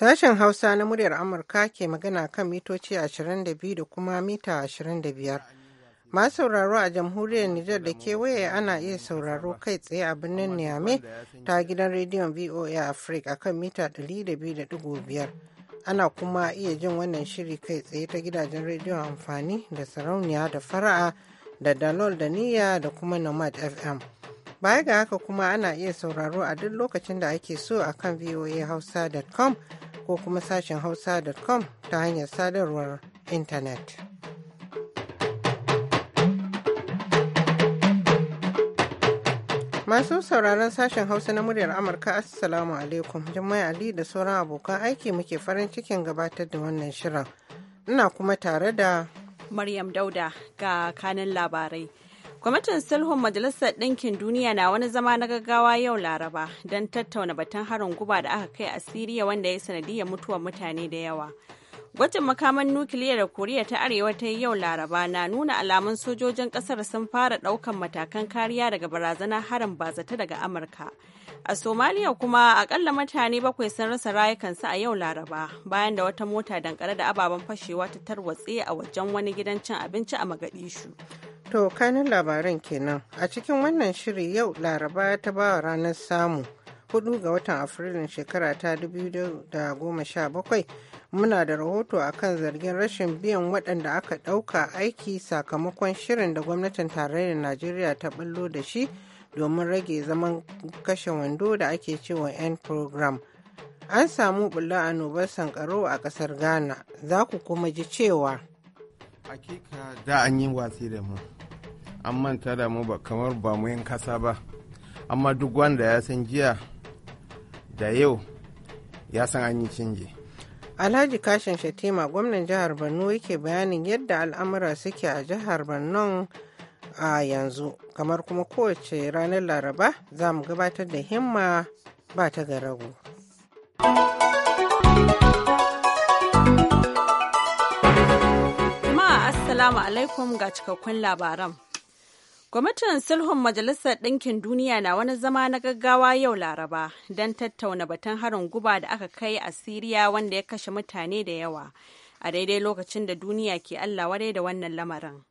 Sashen Hausa na muryar Amurka ke magana kan mitoci 22 da kuma mita 25. Masu sauraro a jamhuriyar Nijar da kewaye ana iya sauraro kai tsaye a birnin Niamey ta gidan rediyon VOA Africa kan mita 200.5. Ana kuma iya jin wannan shiri kai tsaye ta gidajen rediyon amfani da sarauniya da fara'a da dalol da niyya da kuma nomad FM. Baya ga haka kuma ana iya sauraro a duk lokacin da ake so akan voahausa.com ko kuma sashen hausa.com ta hanyar sadarwar intanet. Masu sauraron sashen Hausa na muryar Amurka Assalamu alaikum Jummai Ali da sauran abokan aiki muke farin cikin gabatar da wannan shirin. Ina kuma tare da Maryam Dauda ga kanin labarai. Kwamitin sulhun Majalisar Ɗinkin Duniya na wani zama na gaggawa yau Laraba don tattauna batun harin guba da aka kai a Siriya wanda ya sanadiyar mutuwar mutane da yawa. Gwajin makaman nukiliya da Koriya ta Arewa ta yi yau Laraba na nuna alamun sojojin kasar sun fara ɗaukan matakan kariya daga barazanar harin bazata daga Amurka. A Somaliya kuma akalla mutane bakwai sun rasa rayukansu a yau Laraba bayan da wata mota dankare da ababen fashewa ta tarwatse a wajen wani gidan cin abinci a Magadishu. To kanin labaran kenan a cikin wannan shiri yau Laraba ta bawa ranar samu. hudu ga watan afrilun shekara ta 2017 muna da rahoto a kan zargin rashin biyan waɗanda aka ɗauka aiki sakamakon shirin da gwamnatin tarayyar najeriya ta ɓallo da shi domin rage zaman kashe wando da ake cewa n program an samu bulla annobar sankaro a ƙasar ghana za ku kuma ji cewa hakika da an yi watsi da mu an manta da mu ba kamar ba mu yin kasa ba amma duk wanda ya san jiya da yau ya san an yi canji alhaji kashin shatima gwamnan jihar borno yake bayanin yadda al'amura suke a jihar borno a yanzu kamar kuma kowace ranar laraba za mu gabatar da himma ba ta ragu jama'a assalamu alaikum ga cikakkun labaran Kwamitin sulhun Majalisar Ɗinkin Duniya na wani zama na gaggawa yau Laraba don tattauna batun harin guba da aka kai a Siriya wanda ya kashe mutane da yawa a daidai lokacin da duniya ke Allah ware da wannan lamarin.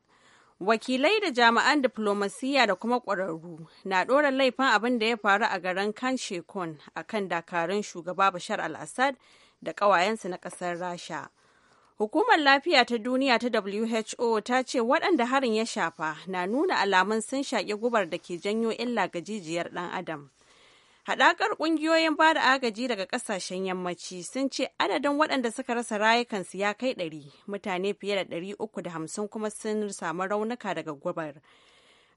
Wakilai da jami'an diflomasiyya da kuma ƙwararru na ɗora laifin abin da ya faru a garin Khan Shekun a kan dakarun shugaba Bashar al-Assad da ƙawayensu na ƙasar Rasha. Hukumar Lafiya ta Duniya ta WHO ta ce waɗanda harin ya shafa na nuna alamun sun shaƙi gubar da ke janyo illa ga jijiyar ɗan adam. Haɗakar ƙungiyoyin ba da agaji daga ƙasashen yammaci sun ce adadin waɗanda suka rasa rayukansu ya kai ɗari, mutane fiye da ɗari uku da hamsin kuma sun samu raunuka daga gubar.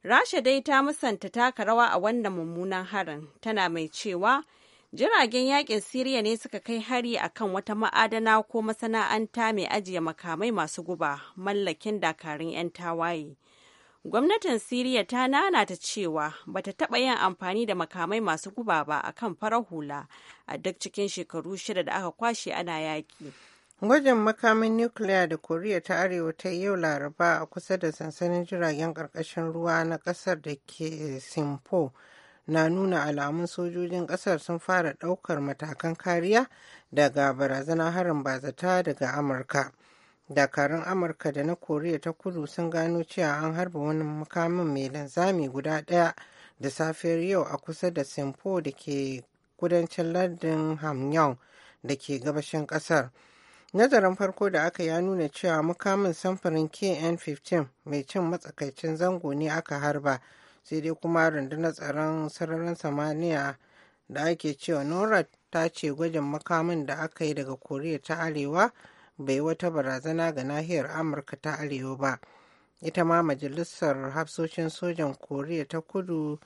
Rasha dai ta musanta taka rawa a wannan mummunan harin, tana mai cewa Jiragen yakin Siriya ne suka kai hari a kan wata ma'adana ko masana'anta mai ajiye makamai masu guba mallakin dakarun 'yan tawaye. Gwamnatin Siriya ta nanata cewa bata taba yin amfani da makamai masu guba ba a kan farar hula a duk cikin shekaru shida da aka kwashe ana yaƙi. Gwajin makamin nukiliya da Koriya ta Arewa ta yau Laraba a kusa da sansanin jiragen karkashin ruwa na kasar da ke Simpo. na nuna alamun sojojin kasar sun fara ɗaukar matakan kariya daga barazanar harin bazata daga amurka dakarun amurka da na koriya ta kudu sun gano cewa an harba wani mukamin mai linzami guda daya da safiyar yau a kusa da simpo da ke kudancin lardin hamyong da ke gabashin ƙasar nazarin farko da aka ya nuna cewa mukamin samfurin kn 15 mai cin matsakaicin zango ne aka harba sai dai kuma rundunar tsaron sararin samaniya da ake cewa norad ta ce gwajin makamin da aka yi daga koriya ta arewa bai wata barazana ga nahiyar amurka ta arewa ba ita ma majalisar hafsoshin sojan koriya ta kudu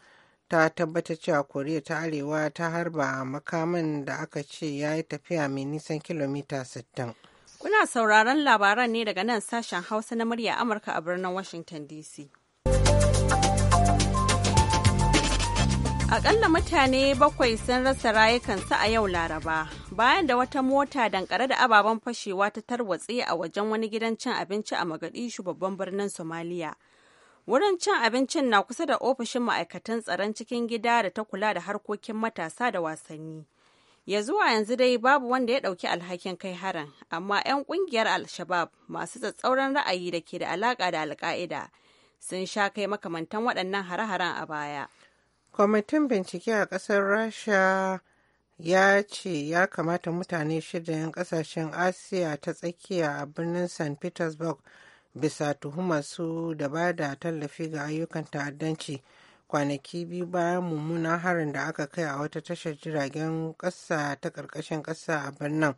ta tabbata cewa koriya ta arewa ta harba makamin da aka ce ya yi tafiya mai nisan kilomita 60 kuna sauraron labaran ne daga nan sashen hausa na murya amurka a birnin washington dc Akalla mutane bakwai sun rasa rayukansu a yau Laraba, bayan da wata mota dankare da ababen fashewa ta tarwatse a wajen wani gidan cin abinci a Mogadishu babban birnin Somalia. Wurin cin abincin na kusa da ofishin ma'aikatan tsaron cikin gida da ta kula da harkokin matasa da wasanni. Ya zuwa yanzu dai babu wanda ya ɗauki alhakin kai harin, amma 'yan ƙungiyar Al-Shabab masu tsatsauran ra'ayi da ke da alaƙa da al sun sha kai makamantan waɗannan hare-haren a baya. kwamitin bincike a ƙasar rasha ya ce ya kamata mutane shida 'yan ƙasashen asiya ta tsakiya a birnin st petersburg bisa tuhumar su da ba da tallafi ga ayyukan ta'addanci kwanaki biyu bayan mummunan harin da aka kai a wata tashar jiragen ƙasa ta ƙarƙashin ƙasa a birnin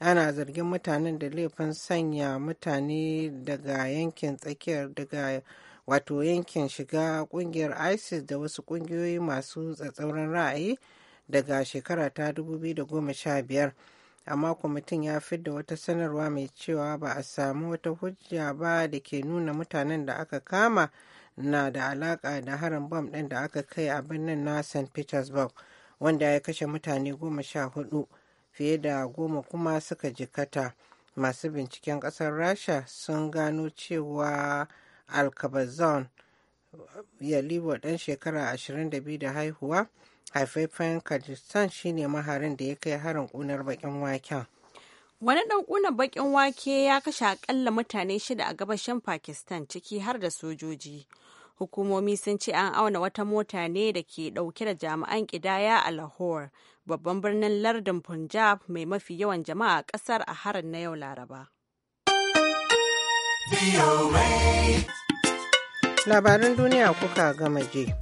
ana zargin mutanen da laifin sanya mutane daga yankin tsakiyar daga wato yankin shiga kungiyar isis da wasu kungiyoyi masu tsatsauran ra'ayi daga shekara ta 2015 amma kwamitin ya fidda wata sanarwa mai cewa ba a samu wata hujja ba da ke nuna mutanen da aka kama na da alaka da harin bom ɗin da aka kai a birnin na st petersburg wanda ya kashe mutane goma sha hudu fiye da goma kuma suka jikata masu binciken ƙasar rasha sun gano cewa alkabazon yalibo dan shekara 22 da haihuwa haifafen kajistan shine maharin da ya kai harin kunar bakin waken wani ɗan ƙunar bakin wake ya kashe akalla mutane shida a gabashin pakistan ciki har da sojoji hukumomi sun ce an auna wata mota ne da ke ɗauke da jami'an ƙidaya a lahore babban birnin lardin punjab mai mafi yawan jama'a a ƙasar a harin na yau laraba Labaran duniya kuka gama je.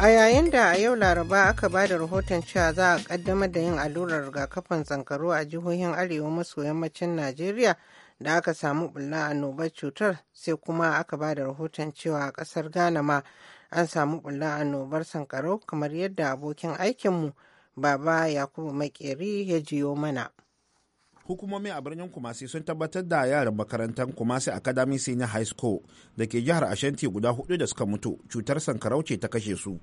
A yayin da a yau Laraba aka ba da rahoton cewa za a kaddamar da yin allurar rigakafin zankaro a jihohin Arewa maso yammacin Najeriya da aka samu bulla annobar cutar sai kuma aka ba da rahoton cewa a kasar Ghana ma an samu bulla annobar sankarau kamar yadda abokin aikinmu Baba Yakubu Makeri ya jiyo mana. hukumomi a birnin kumasi sun tabbatar da yaran makarantar kumasi academy senior high school da ke jihar ashanti guda hudu da suka mutu cutar sankarau ce ta kashe su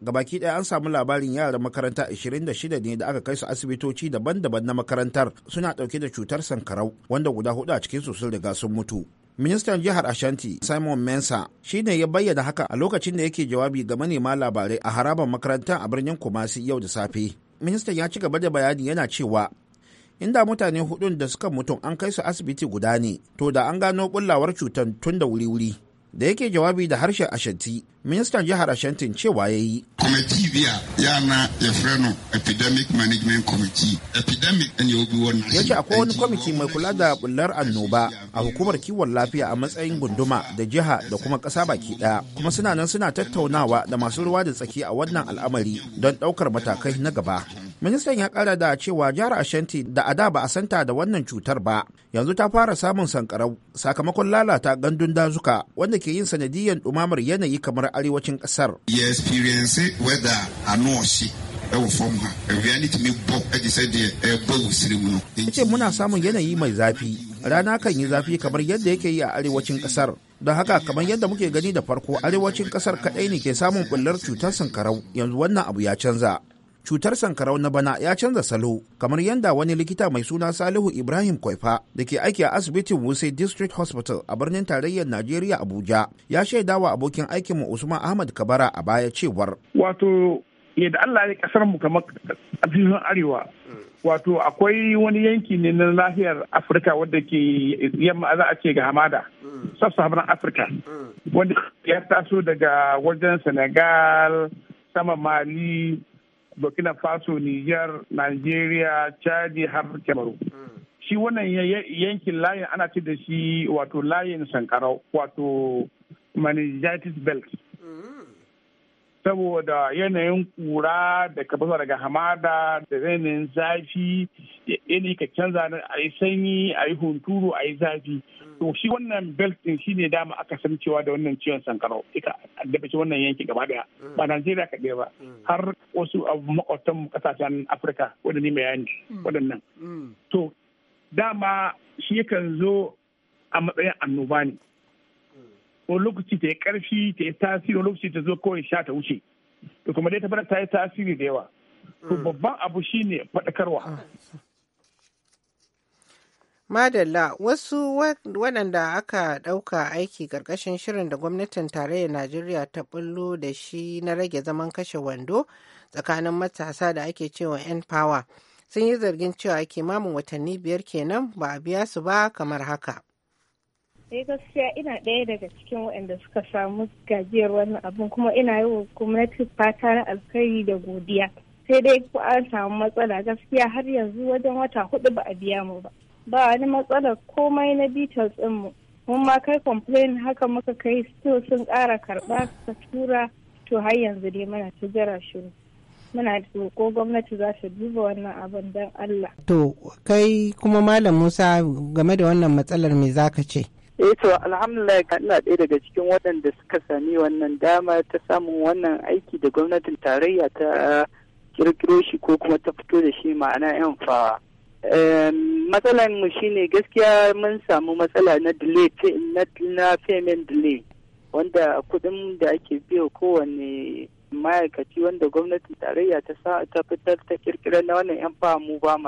gabaki ɗaya an samu labarin yaran makaranta 26 ne da aka kai su asibitoci daban-daban na makarantar suna ɗauke da cutar sankarau wanda guda hudu a cikinsu sun riga sun mutu ministan jihar ashanti simon mensa shi ne ya bayyana haka a lokacin da yake jawabi ga manema labarai a harabar makarantar a birnin kumasi yau da safe ministan ya ci gaba da bayani yana cewa inda mutane hudun da suka mutum an kai su asibiti guda ne to da an gano bullawar cutar tun da wuri-wuri da yake jawabi da harshen ashanti ministan jihar ashantin cewa ya yi kwamiti biya na ya freno epidemic management committee epidemic and ya obi wannan ya ce akwai wani kwamiti mai kula da bullar annoba a hukumar kiwon lafiya a matsayin gunduma da jiha da kuma ƙasa baki ɗaya kuma suna nan suna tattaunawa da masu ruwa da tsaki a wannan al'amari don ɗaukar matakai na gaba Ministan ya kara da cewa jihar Ashanti da ada ba a santa da wannan cutar ba, yanzu ta fara samun sankarau sakamakon lalata gandun dazuka wanda ke yin sanadiyyar ɗumamar yanayi kamar arewacin kasar. ce muna samun yanayi mai zafi rana kan yi zafi kamar yadda yake yi a arewacin kasar don haka kamar yadda muke gani da farko arewacin kasar kaɗai ne ke samun bullar cutar sankarau yanzu wannan abu ya canza cutar sankarau na bana ya canza salo kamar yadda wani likita mai suna salihu ibrahim kwaifa da ke aiki a asibitin wuse district hospital a birnin tarayyar najeriya abuja ya shaida wa abokin aikinmu usman ahmad kabara a baya cewar wato yadda allah ya kasar mu kamar ƙarfin arewa wato akwai wani yanki ne na lafiyar afirka wadda ke yamma za a ce ga hamada sub afirka wanda ya taso daga wajen senegal sama mali burkina faso niger nigeria chadi har kemaru shi wannan yankin layin ana ce da shi wato layin sankarau wato meningitis belt saboda yanayin kura da ka fasa daga hamada da yanayin zafi yanayi ka canza a yi sanyi a yi hunturu a yi zafi to shi wannan belt din shi ne dama aka san cewa da wannan ciwon sankarau ika addabe shi wannan yanki gaba daya mm. ba Najeriya kaɗai ba mm. har wasu makwabtan kasashen Afirka wanda ni yani mm. waɗannan to dama shi yakan zo a matsayin annoba ne ko lokaci ta yi ƙarfi ta yi tasiri lokaci ta zo kawai sha ta wuce to kuma dai ta ta yi tasiri da yawa to babban abu shine faɗakarwa ah. Madalla wasu waɗanda aka ɗauka aiki ƙarƙashin shirin da gwamnatin tarayyar Najeriya ta bullo da shi na rage zaman kashe wando tsakanin matasa da ake cewa 'yan power sun yi zargin cewa mamun watanni biyar kenan ba a biya su ba kamar haka. sai eh, gaskiya ina ɗaya daga cikin waɗanda suka samu gajiyar wannan abin kuma ina yi wa gwamnati fata na alkhairi da godiya sai dai ko an samu matsala gaskiya har yanzu wajen wata hudu ba a biya mu ba ba wani matsalar komai na details mu mun ma kai complain haka muka kai still sun kara karɓa ta tura to har yanzu dai muna ta jira shiru muna ko gwamnati za ta duba wannan abin don Allah. To kai kuma Malam Musa game da wannan matsalar me za ce? Eh to alhamdulillah Allah ɗaya daga cikin waɗanda suka sami wannan dama ta samun wannan aiki da gwamnatin tarayya ta kirkiro shi ko kuma ta fito da shi ma'ana yan fawa. matsalan mu shine gaskiya mun samu matsala na delay na payment delay wanda kudin da ake biya kowane ma'aikaci wanda gwamnatin tarayya ta ta fitar ta kirkira na wannan yan mu ba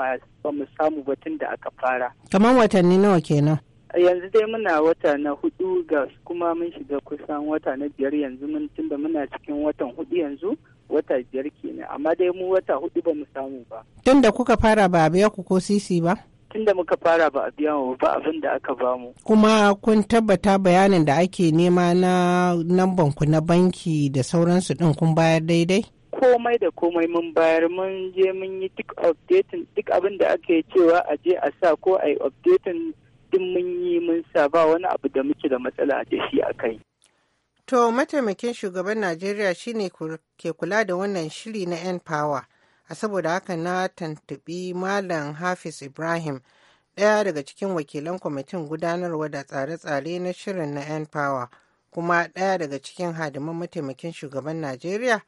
mu samu batun da aka fara kamar watanni nawa kenan yanzu dai muna wata na hudu ga kuma mun shiga kusan wata na biyar yanzu mun tunda muna cikin watan hudu yanzu wata biyar kenan amma dai mu wata hudu ba mu samu ba Tunda kuka fara ba a biya ku ko sisi ba Tunda muka fara ba a biya mu ba abin da aka ba mu kuma kun tabbata bayanin da ake nema na ku na banki da sauransu din kun bayar daidai komai da komai mun bayar mun je mun yi duk updating duk abin da ake cewa a je a sa ko a yi updating din mun yi mun sa ba wani abu da muke da matsala da shi a kai To mataimakin shugaban Najeriya shine ke kula da wannan shiri na 'yan power. A saboda haka na tantubi Malam Hafiz Ibrahim, ɗaya daga cikin wakilan kwamitin gudanarwa da tsare-tsare na shirin na 'yan power, kuma ɗaya daga cikin hadiman mataimakin shugaban Najeriya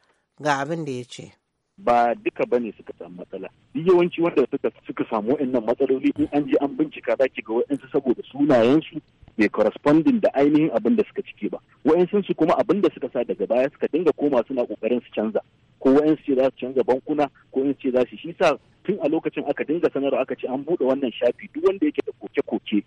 ga abin da ya ce. ba duka ba ne suka samu matsala yawanci wanda suka suka samu wa'annan matsaloli in an je an bincika za ki ga wa'ansu saboda sunayensu bai corresponding da ainihin abin da suka cike ba wayansu kuma abin da suka sa daga baya suka dinga koma suna kokarin su canza ko wayansu ce za su canza bankuna ko wayansu ce za su shi sa tun a lokacin aka dinga sanarwa aka ce an buɗe wannan shafi duk wanda yake da koke-koke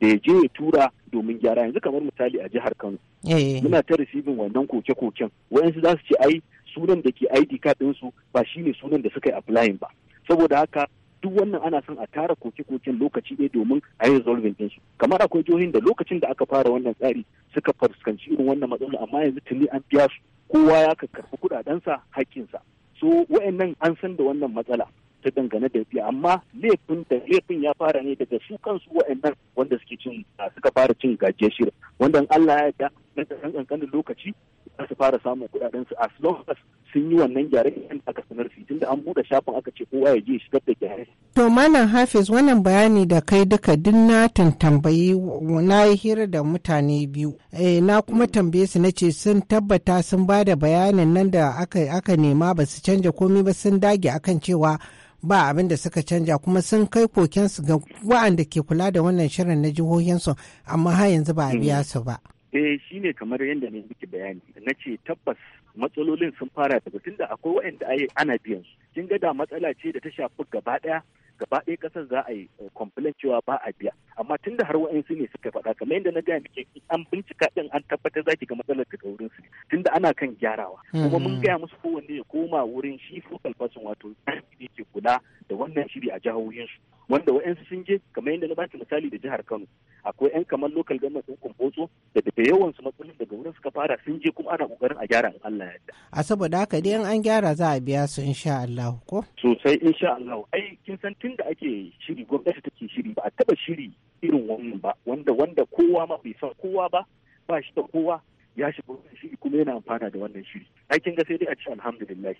da ya je ya tura domin gyara yanzu kamar misali a jihar Kano eh. muna ta receiving wannan koke-koken wayansu za su ce ai sunan da ke ID card su ba shine sunan da suka yi applying ba saboda haka duk wannan ana son a tara koke-koken lokaci ɗaya domin a yi resolving ɗinsu kamar akwai jihohin da lokacin da aka fara wannan tsari suka fuskanci irin wannan matsala amma yanzu tuni an biya su kowa ya ka karɓi kuɗaɗensa hakkinsa so wa'annan an san da wannan matsala ta dangane da biya amma laifin da laifin ya fara ne daga su kansu wa'annan wanda suke cin suka fara cin gajiyar shirin wanda Allah ya yarda na ƙanƙanin lokaci za su fara samun kuɗaɗensu as long as sun yi wannan gyare-gyaren aka sanar su tunda an bude shafin aka ce kowa ya je shigar da gyare. To Malam Hafiz wannan bayani da kai duka duk na tantambayi na yi hira da mutane biyu. Eh, na kuma tambaye su na ce sun tabbata sun ba da bayanin nan da aka, nema ba su canja komai ba sun dage akan cewa ba abin da suka canja kuma sun kai kokensu ga wa'anda ke kula da wannan shirin na jihohinsu amma har yanzu ba a biya su ba. Eh shi ne kamar yadda ne muke bayani na ce tabbas matsalolin sun fara daga tunda akwai waɗanda ai ana biyan su kin ga da matsala ce da ta shafi gaba ɗaya gaba ɗaya ƙasar za a yi eh, complain cewa ba a biya amma tunda har waɗansu ne suka faɗa kamar yadda na gaya muke an bincika ɗin an tabbatar zaki ga matsalar daga wurin su tunda ana kan gyarawa hmm. kuma mun gaya musu kowanne ya koma wurin shi focal person wato da yake kula da wannan shiri a jihohinsu wanda wa'yansu sun je kamar yadda na baki misali da jihar Kano akwai 'yan kamar local government ɗin Kumboso da da yawan su matsalolin daga wurin suka fara sun je kuma ana kokarin a gyara in Allah ya yarda. A saboda haka dai in an gyara za a biya su insha Allah ko? Sosai insha Allah ai kin san tun da ake shiri gwamnati take shiri ba a taba shiri irin wannan ba wanda wanda kowa ma bai san kowa ba ba shi da kowa ya shiga wannan shiri kuma yana amfana da wannan shiri. kin ga sai dai a ce alhamdulillah.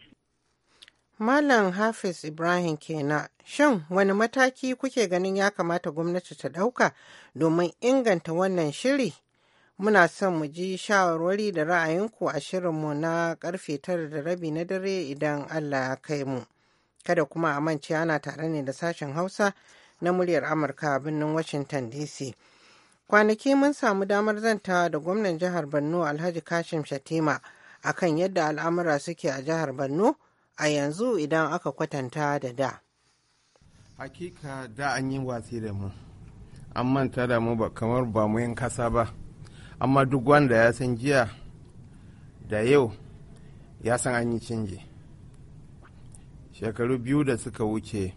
Malam Hafiz Ibrahim kenan. Shin wani mataki kuke ganin ya kamata gwamnati ta ɗauka domin inganta wannan shiri? Muna son mu ji shawarwari da ra'ayinku a shirinmu na karfe tara da rabi na dare idan Allah ya kai mu. Kada kuma a mance ana tare ne da sashen Hausa na muryar Amurka a birnin Washington DC. Kwanaki mun samu damar zanta da gwamnan jihar Borno Alhaji Kashim Shatima akan yadda al'amura suke a jihar Borno. a yanzu idan aka kwatanta da da. Hakika da an yi watsi da mu, an manta da mu kamar ba mu yin kasa ba, amma duk wanda ya san jiya da yau ya san an yi canji. Shekaru biyu da suka wuce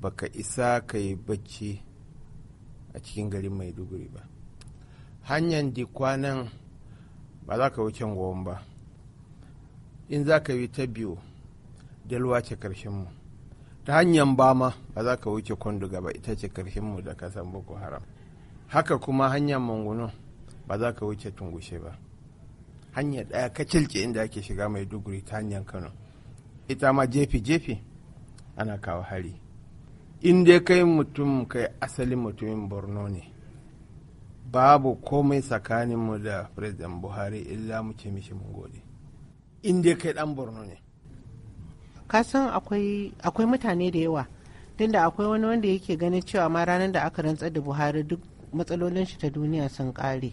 baka isa ka yi bacci a cikin garin duguri ba. Hanyar dikwanan ba za ka wuce goma ba. in za ka bi ta biyu dalwa ce mu. ta hanyar bama ba za ka wuce kwandu gaba ita ce karshenmu da kasan boko haram haka kuma hanyar manguno ba za ka wuce tungushe ba hanyar ɗaya ka cilce inda ake shiga mai duguri ta hanyar kano ita ma jefi-jefi ana kawo hari in dai kai mutum kai asalin mutumin borno ne babu komai tsakaninmu da president buhari illa mu ce mishi mun gode in dai kai dan borno ne ka san akwai mutane da yawa tunda akwai wani wanda yake ganin cewa ma ranar da aka rantsar da buhari duk matsalolin shi ta duniya sun kare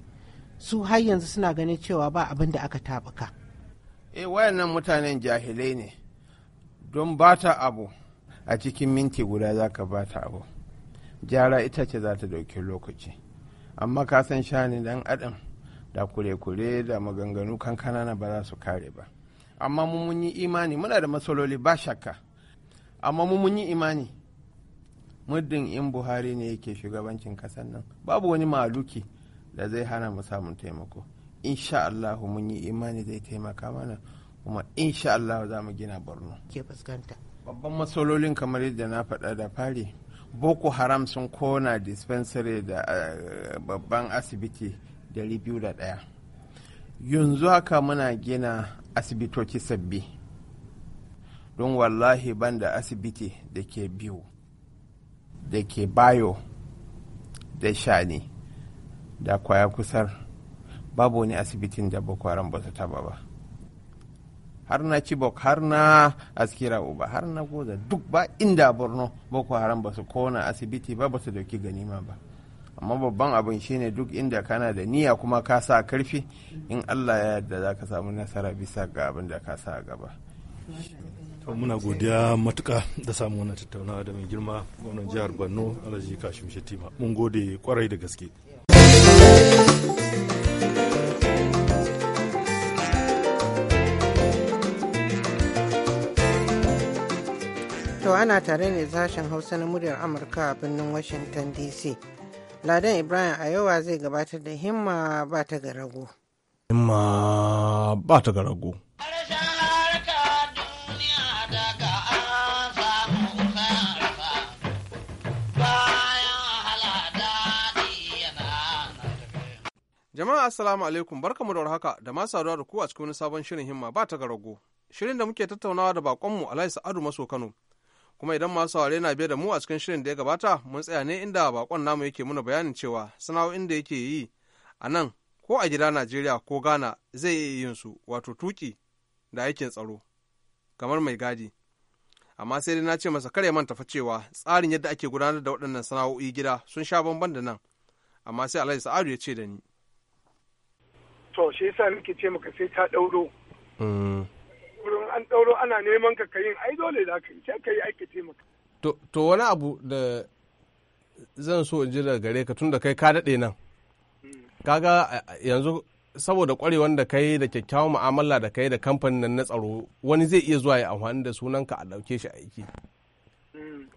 su har yanzu suna ganin cewa ba abin da aka tabuka e eh, wayannan mutanen jahilai ne don bata abu a cikin minti guda za ka bata abu jara ita ce za ta dauki lokaci amma ka san shani dan adam da kure-kure da maganganu kankana na ba za su kare ba amma mu mun yi imani muna da matsaloli ba shakka amma mu mun yi imani muddin in buhari ne yake shugabancin kasan nan babu wani maluki da zai hana mu samun taimako insha Allah mun yi imani zai taimaka mana kuma insha Allah za mu gina borno ke fuskanta babban matsalolin kamar yadda na faɗa da fari boko haram sun kona dispensary da eh, babban asibiti da ɗaya yanzu haka muna gina asibitoci sabbi don wallahi ban da asibiti da ke biyu da ke bayo da shani da kwaya kusar babu wani asibitin da bukwaran ba su taba ba har na cibok har na askira uba har na goza duk ba inda borno boko haram ba su kona asibiti ba ba su dauki ganima ba amma babban abin shine duk inda kana da niyya kuma ka sa karfi in allah ya yarda za ka samu nasara bisa ga abin da ka sa a gaba muna godiya matuka da samu wannan tattaunawa da mai girma gwamnan jihar borno alhaji kashim shatima mun gode kwarai da gaske To ana tare ne sashen Hausa na muryar Amurka a birnin Washington DC. Ladan Ibrahim a zai gabatar da himma ba ta ga rago. Himma ba ta ga rago. Jama'a Assalamu alaikum barkamu da warhaka da ma saduwa da ku a cikin wani sabon shirin himma ba ta ga rago. Shirin da muke tattaunawa da bakonmu Alhaji Sa'adu Maso Kano kuma idan masu saurare na biye da mu a cikin shirin da ya gabata mun tsaya ne inda bakon namu yake muna bayanin cewa sana'o'in da yake yi a nan ko a gida najeriya ko ghana zai iya yin su wato tuki da aikin tsaro kamar mai gadi amma sai dai na ce masa kare manta fa cewa tsarin yadda ake gudanar da waɗannan sana'o'i gida sun sha bamban da nan amma sai alhaji sa'adu ya ce da ni to shi yasa nake ce maka sai ta ɗauro mm. wurin an ɗauro ana neman ka ai dole za ka yi sai ka taimaka. To wani abu da zan so in ji daga gare ka tun da kai ka daɗe nan. Kaga yanzu saboda kwarewa da kai da kyakkyawan mu'amala da kai da kamfanin nan na tsaro wani zai iya zuwa ya amfani da sunanka a dauke shi aiki.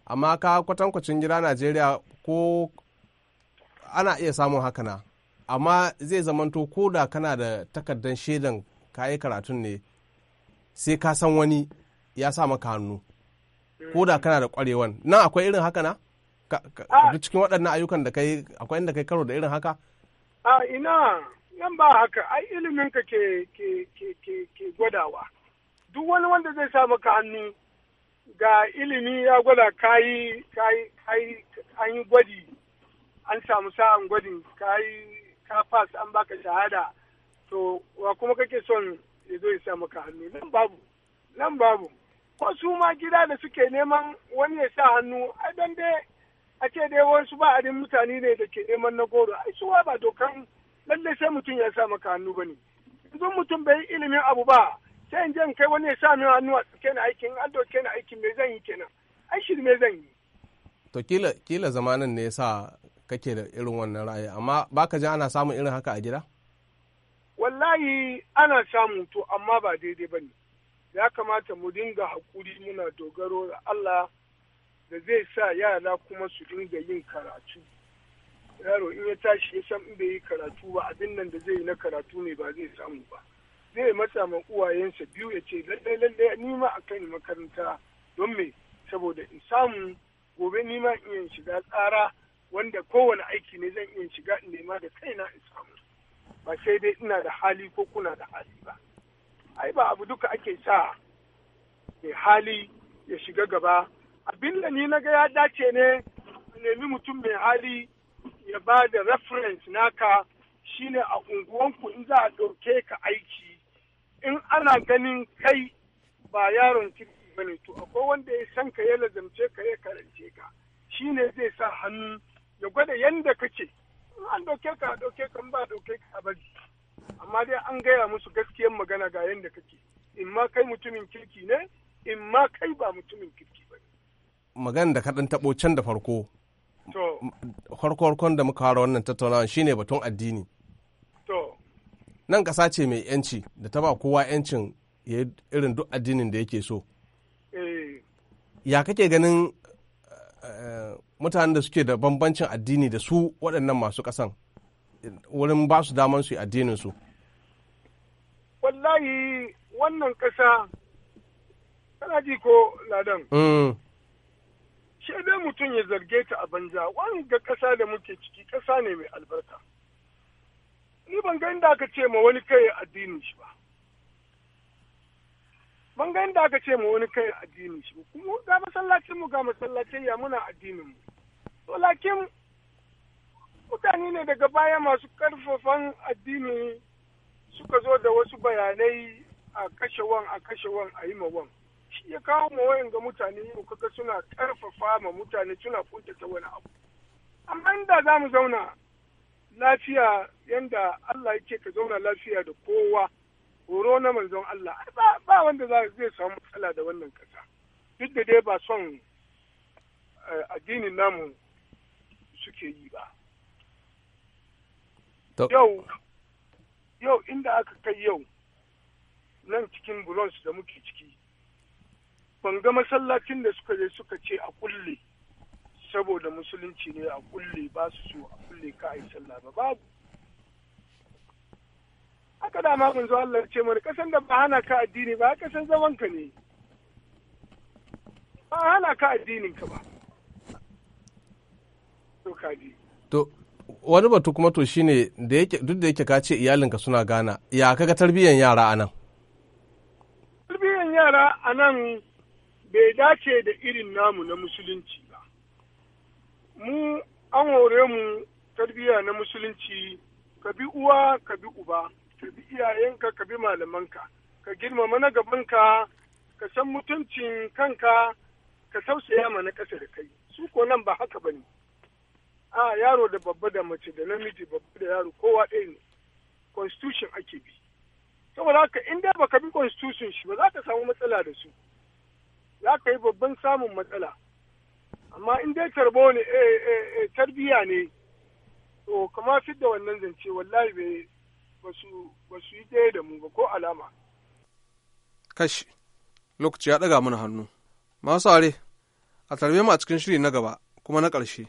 Amma ka kwatankwacin gida Najeriya ko ana iya samun hakana na. Amma zai zamanto ko da kana da takardar shaidan kayi karatun ne sai ka san wani ya sa maka hannu ko da kana da kwarewan nan akwai irin haka na ah. cikin waɗannan ayyukan da kai akwai inda kai karo da irin haka a ina nan ba haka ai ilimin ka ke ke ke ke gwadawa duk wani wanda zai sa maka hannu ga ilimi ya gwada kayi an yi gwadi an samu sa'an gwadin kayi ka fas an baka shahada to wa kuma kake son ya zo ya sa maka hannu nan babu nan babu ko su ma gida da suke neman wani ya sa hannu a dan dai a ce dai wasu ba adin mutane ne da ke neman na goro ai suwa ba dokan lallai sai mutum ya sa maka hannu bane yanzu mutum bai ilimin abu ba sai in je kai wani ya sa min hannu a tsakiyar na aikin an doke na aikin me zan yi kenan ai shi me zan yi to kila kila zamanin ne yasa kake da irin wannan ra'ayi amma baka ji ana samun irin haka a gida wallahi ana samu to amma ba daidai ba ne ya kamata mu dinga haƙuri muna dogaro da Allah da zai sa yara kuma su dinga yin karatu yaro in ya tashi ya san in bai yi karatu ba abin nan da zai yi na karatu ne ba zai samu ba zai matsa ma uwayensa biyu ya ce lallai lallai ni ma kan makaranta don me saboda in samu gobe ni ma in shiga tsara wanda kowane aiki ne zan iya shiga in nema da kaina in samu ba sai dai ina da hali ko kuna da hali ba ai ba abu duka ake sa mai hali ya shiga gaba abin da ni naga ya dace ne nemi mutum mai hali ya ba da reference naka shine a unguwanku in za a ɗauke ka aiki in ana ganin kai ba yaron kirki ba ne to akwai wanda ya san ka ya lazamce ka ya karance ka shi ne zai sa hannu ya gwada yanda kake an doke ka doke kan ba doke ka bari amma dai an gaya musu gaskiyar magana ga yadda kake in ma kai mutumin kirki ne in ma kai ba mutumin kirki ba magana da kaɗan taɓo can da farko to farko-farkon da muka fara wannan tattaunawa shine batun addini to nan ƙasa ce mai yanci da ta ba kowa yancin irin duk addinin da yake so eh. ya kake ganin Eh, mutanen da suke da bambancin addini da su waɗannan masu ƙasan wurin ba su daman su addinin su wallahi wannan ƙasa tana ji ko ladan mm. shi dai mutum ya zarge ta a banza wani ga ƙasa da muke ciki ƙasa ne mai albarka ni ban ga inda aka ce ma wani kai addinin shi ba ban ga inda aka ce mu wani kai addini shi kuma ga masallacin mu ga masallacin ya muna addinin mu to lakin mutane ne daga baya masu karfafan addini suka zo da wasu bayanai a kashe wan a kashe wan a yi wan shi ya kawo ma wayan ga mutane yau kaga suna karfafa ma mutane suna ta wani abu amma inda za mu zauna lafiya yanda Allah yake ka zauna lafiya da kowa horo na manzon Allah ba wanda zai samu matsala da wannan kasa duk da dai ba son eh, addinin namu suke yi ba yau yau inda aka kai yau nan cikin bronze da muke ciki ban ga masallacin da suka je suka ce a kulle saboda musulunci ne a kulle ba su so a kulle ka a yi sallah ba babu Haka dama mun zo Allah ce mana kasan da ba hana ka addini ba kasan zaman ka ne. Ba hana ka addinin ka ba. To kaji. To wani batu kuma to shine da yake duk da yake ka ce iyalinka suna gana ya kaga tarbiyyar yara anan. tarbiyyar yara anan bai dace da irin namu na musulunci ba. Mu an hore mu tarbiyya na musulunci ka bi uwa ka bi uba ka bi iyayenka ka bi malamanka ka girmama na gabanka ka san mutuncin kanka ka tausaya ma na ƙasa da kai su ko nan ba haka ba ne. a yaro da babba da mace da namiji babba da yaro kowa ɗaya ne constitution ake bi saboda haka in dai baka bi constitution shi ba za ka samu matsala da su za ka yi babban samun matsala amma in dai tarbo ne eh, eh, eh tarbiya ne to kama fidda wannan zance wallahi bai ba su yi ɗaya da mu ba ko alama. Kashi, lokaci ya ɗaga mana hannu. Masu are, a tarbe mu a cikin shiri na gaba kuma na ƙarshe.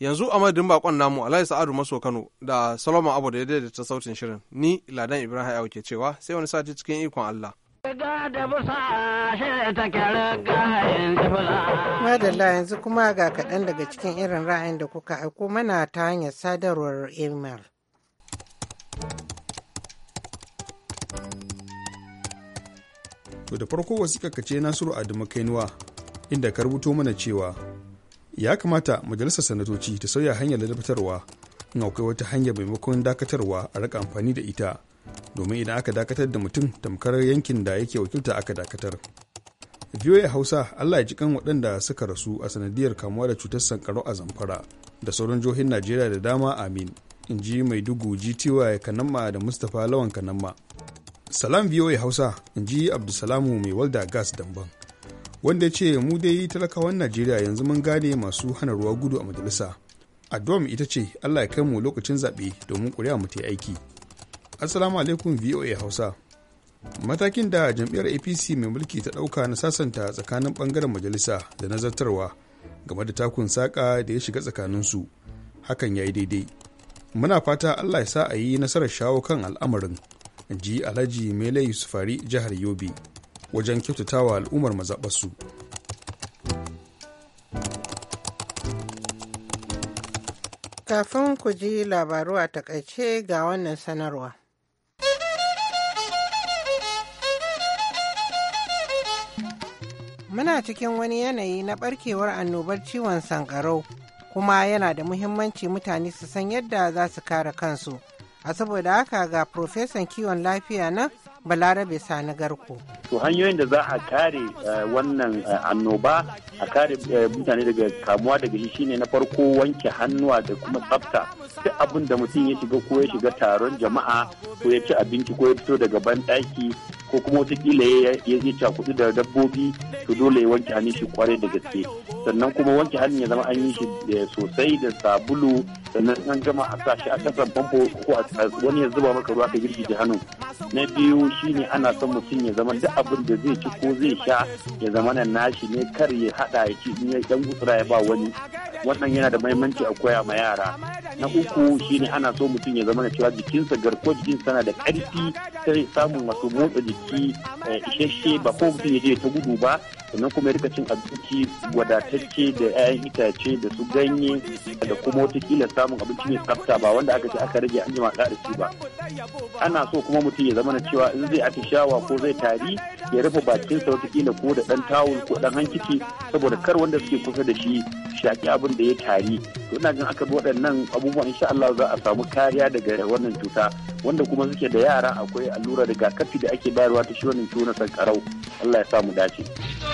Yanzu a madadin baƙon namu Alhaji Sa'adu Maso Kano da Solomon Abu da ya daidaita sautin shirin, ni Ladan Ibrahim Ayo ke cewa sai wani sati cikin ikon Allah. Madalla yanzu kuma ga kaɗan daga cikin irin ra'ayin da kuka aiko mana ta hanyar sadarwar email. To da farko wasiƙa ka ce Nasiru Adamu Kainuwa inda ka rubuto mana cewa ya kamata majalisar sanatoci ta sauya hanyar ladabtarwa in akwai wata hanya maimakon dakatarwa a raka amfani da ita domin idan aka dakatar da mutum tamkar yankin da yake wakilta aka dakatar. VOA Hausa Allah ya ji kan waɗanda suka rasu a sanadiyar kamuwa da cutar sankaro a Zamfara da sauran jihohin Najeriya da dama amin. In ji mai Maiduguri GTY Kanamma da Mustapha Lawan Kanamma. salam ya hausa in ji abdulsalamu mai walda gas damban wanda ya ce mu dai talakawan najeriya yanzu mun gane masu hana ruwa gudu a majalisa addu'a mu ita ce allah ya kai mu lokacin zaɓe domin ƙuri'a mu ta yi aiki assalamu alaikum voa hausa matakin da jam'iyyar apc mai mulki ta ɗauka na sasanta tsakanin ɓangaren majalisa da na zartarwa game da takun saƙa da ya shiga tsakaninsu hakan ya yi daidai muna fata allah ya sa a yi nasarar shawo kan al'amarin ji alhaji mele yusufari jihar yobe wajen kyautatawa al'ummar mazaɓarsu kafin ku ji labaru a takaice ga wannan sanarwa muna cikin wani yanayi na barkewar annobar ciwon sankarau kuma yana da muhimmanci mutane su san yadda za su kare kansu a saboda haka ga profesan kiwon lafiya na balarabe sani garko to hanyoyin da za a kare eh, wannan eh, annoba a kare eh, mutane daga kamuwa daga shi shine na farko wanke hannuwa da kuma tsafta duk abin da mutum ya shiga ko ya shiga taron jama'a ko ya ci abinci ko ya fito daga banɗaki ko kuma kila ya je cakudu da dabbobi to dole ya wanke hannun shi kwarai da gaske sannan kuma wanke hannun ya zama an yi shi sosai da sabulu sannan an gama a sa a kasan famfo ko wani ya zuba maka ruwa ka girgije hannu na biyu shine ana son mutum ya zama duk abin da zai ci ko zai sha ya zama nan nashi ne kar ya hada ya ci in ya dan gutsura ya ba wani wannan yana da mahimmanci a koya ma yara na uku shine ana so mutum ya zama na cewa jikinsa garko jikinsa na da karfi sai samun wasu motsa jiki eh, isasshe ba ko mutum ya je ta gudu ba sannan kuma ya cin abinci wadatacce da 'ya'yan itace da su ganye da kuma watakila samun abinci mai tsafta ba wanda aka ce aka rage an jima ƙara ci ba ana so kuma mutum ya zama na cewa in zai atishawa ko zai tari ya rufe bakinsa watakila ko da ɗan tawul ko ɗan hankici saboda kar wanda suke kusa da shi shaƙi abin da ya tari to ina jin aka bi waɗannan abubuwan insha Allah za a samu kariya daga wannan cuta wanda kuma suke da yara akwai allurar rigakafi da ake bayarwa ta shi wannan ciwo na sankarau Allah ya sa mu dace.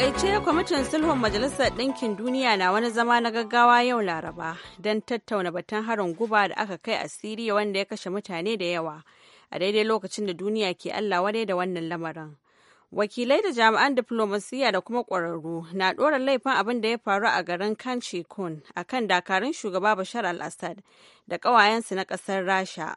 takaice kwamitin sulhun majalisar ɗinkin duniya na wani zama na gaggawa yau laraba don tattauna batun harin guba da aka kai a siriya wanda ya kashe mutane da yawa a daidai lokacin da duniya ke allah wadai da wannan lamarin wakilai da jami'an diflomasiyya da kuma ƙwararru na ɗora laifin abin da ya faru a garin kan a kan dakarun shugaba bashar al-assad da ƙawayensu na ƙasar rasha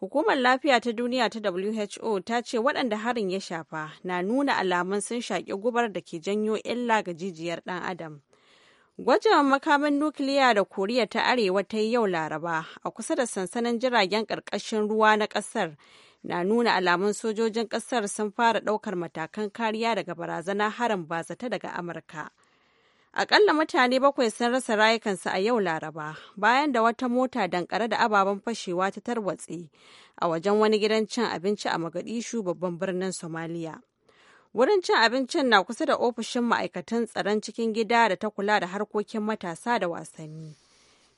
Hukumar Lafiya ta Duniya ta WHO ta ce waɗanda harin ya shafa na nuna alamun sun shaƙi gubar da ke janyo illa ga jijiyar ɗan adam. Gwajin makamin nukiliya da Koriya ta Arewa ta yi yau Laraba a kusa da sansanin jiragen ƙarƙashin ruwa na ƙasar na nuna alamun sojojin ƙasar sun fara ɗaukar matakan kariya daga barazana harin bazata daga Amurka. Akalla mutane bakwai sun rasa rayukansu a yau Laraba bayan da wata mota dankare da ababen fashewa ta tarwatse a wajen wani gidan cin abinci a Mogadishu babban birnin Somalia. Wurin cin abincin na kusa da ofishin ma'aikatan tsaron cikin gida da ta kula da harkokin matasa da wasanni.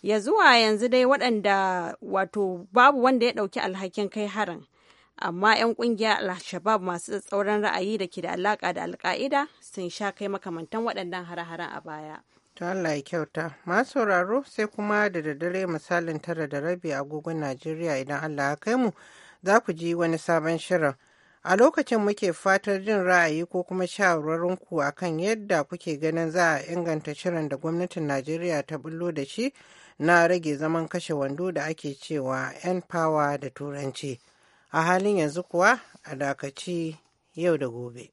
Ya zuwa yanzu dai waɗanda wato babu wanda ya ɗauki alhakin kai harin. amma 'yan kungiyar al-shabab masu tsauran ra'ayi da ke da alaka da alka'ida sun sha kai makamantan waɗannan hare-haren a baya to Allah ya kyauta masu sauraro sai kuma da daddare misalin tara da rabi agogon Najeriya idan Allah ya kai mu za ku ji wani sabon shirin a lokacin muke fatar jin ra'ayi ko kuma ku akan yadda kuke ganin za a inganta shirin da gwamnatin Najeriya ta bullo da shi na rage zaman kashe wando da ake cewa 'yan power da turanci. a halin yanzu kuwa a dakaci yau da gobe.